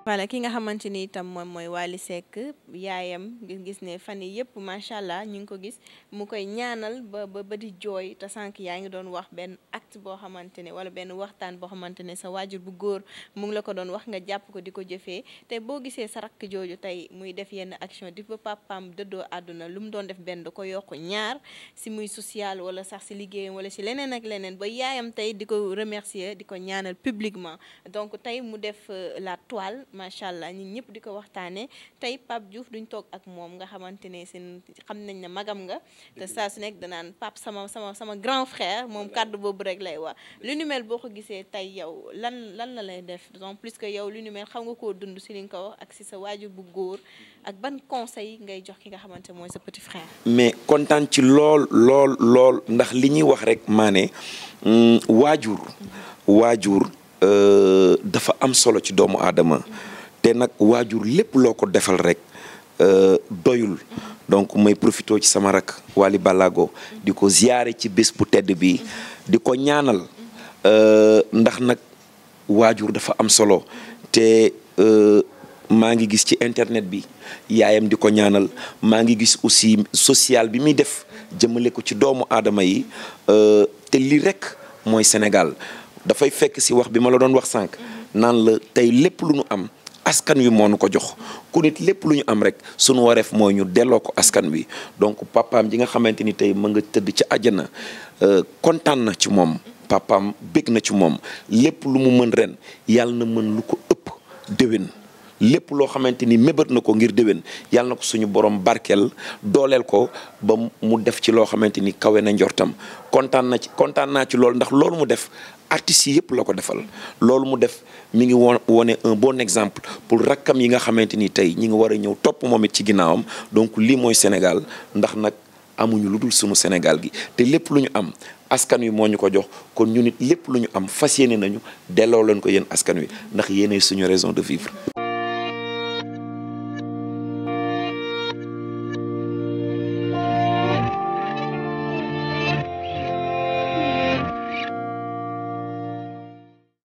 voilà ki nga xamante ni itam moom mooy Wally Seck yaayam ngir gis ne fan yii yëpp macha allah ñu ngi ko gis mu koy ñaanal ba ba ba jooy te sànq yaa ngi doon wax benn acte boo xamante ne wala benn waxtaan boo xamante ne sa waajur bu góor mu ngi la ko doon wax nga jàpp ko di ko jëfee te boo gisee sa rakk jooju tey muy def yenn action di ba papaam dëddoo àdduna lu mu doon def benn da ko yokk ñaar si muy social wala sax si liggéeyam wala si leneen ak leneen ba yaayam tey di ko remercier di ko ñaanal publiquement donc tey mu def euh, la toile. macha allah ñun ñëpp di ko waxtaanee tey Pape Diouf duñ toog ak moom nga xamante ne seen xam nañ ne magam nga te saa nekk danaan Pape sama sama sama grand frère moom kàddu boobu rek lay wax lu ni mel boo ko gisee tey yow lan lan la lay def en plus que yow lu ni mel xam nga koo dund si li nga ko wax ak si sa waajur bu góor ak ban conseil ngay jox ki nga xamante mooy sa petit frère. mais kontaan ci lool lool lool ndax li ñuy wax rek maane ne mm, waajur. Euh, dafa am solo ci doomu aadama te nag waajur lépp loo ko defal rek euh, doyul donc may profité ci sama rak Wally Ballago di ko ziyaare ci bés bu tedd bi di ko ñaanal euh, ndax nag waajur dafa am solo te maa ngi gis ci internet bi yaayam di ko ñaanal maa ngi gis aussi sociale bi muy def jëmale ko ci doomu aadama yi te lii rek mooy Sénégal dafay fekk si wax bi ma la doon wax sànq naan la tey lépp lu ñu am askan wi moo nu ko jox ku nit lépp lu ñu am rek sunu wareef mooy ñu delloo ko askan wi donc papaam ji nga xamante ni tey ma nga tëdd ci àjjana euh, kontaan na ci moom papaam bég na ci moom lépp lu mu mën ren yàlla na mën lu ko ëpp déwén. lépp loo xamante ni mébét na ko ngir déwén yàlla na ko suñu borom barkeel dooleel ko ba mu def ci loo xamante ni kawe na njortam kontaan na ci kontaan naa ci loolu ndax loolu mu def artistes yi yëpp la ko defal loolu mu def mi ngi won wone un bon exemple pour rakkam yi nga xamante ni tey ñi ngi war a ñëw topp moom it ci ginnaawam donc lii mooy Sénégal ndax nag amuñu lu dul sunu Sénégal gi te lépp lu ñu am askan wi moo ñu ko jox kon ñu nit lépp lu ñu am fas yéene nañu delloo leen ko yéen askan wi ndax yéenay suñu raison de vivre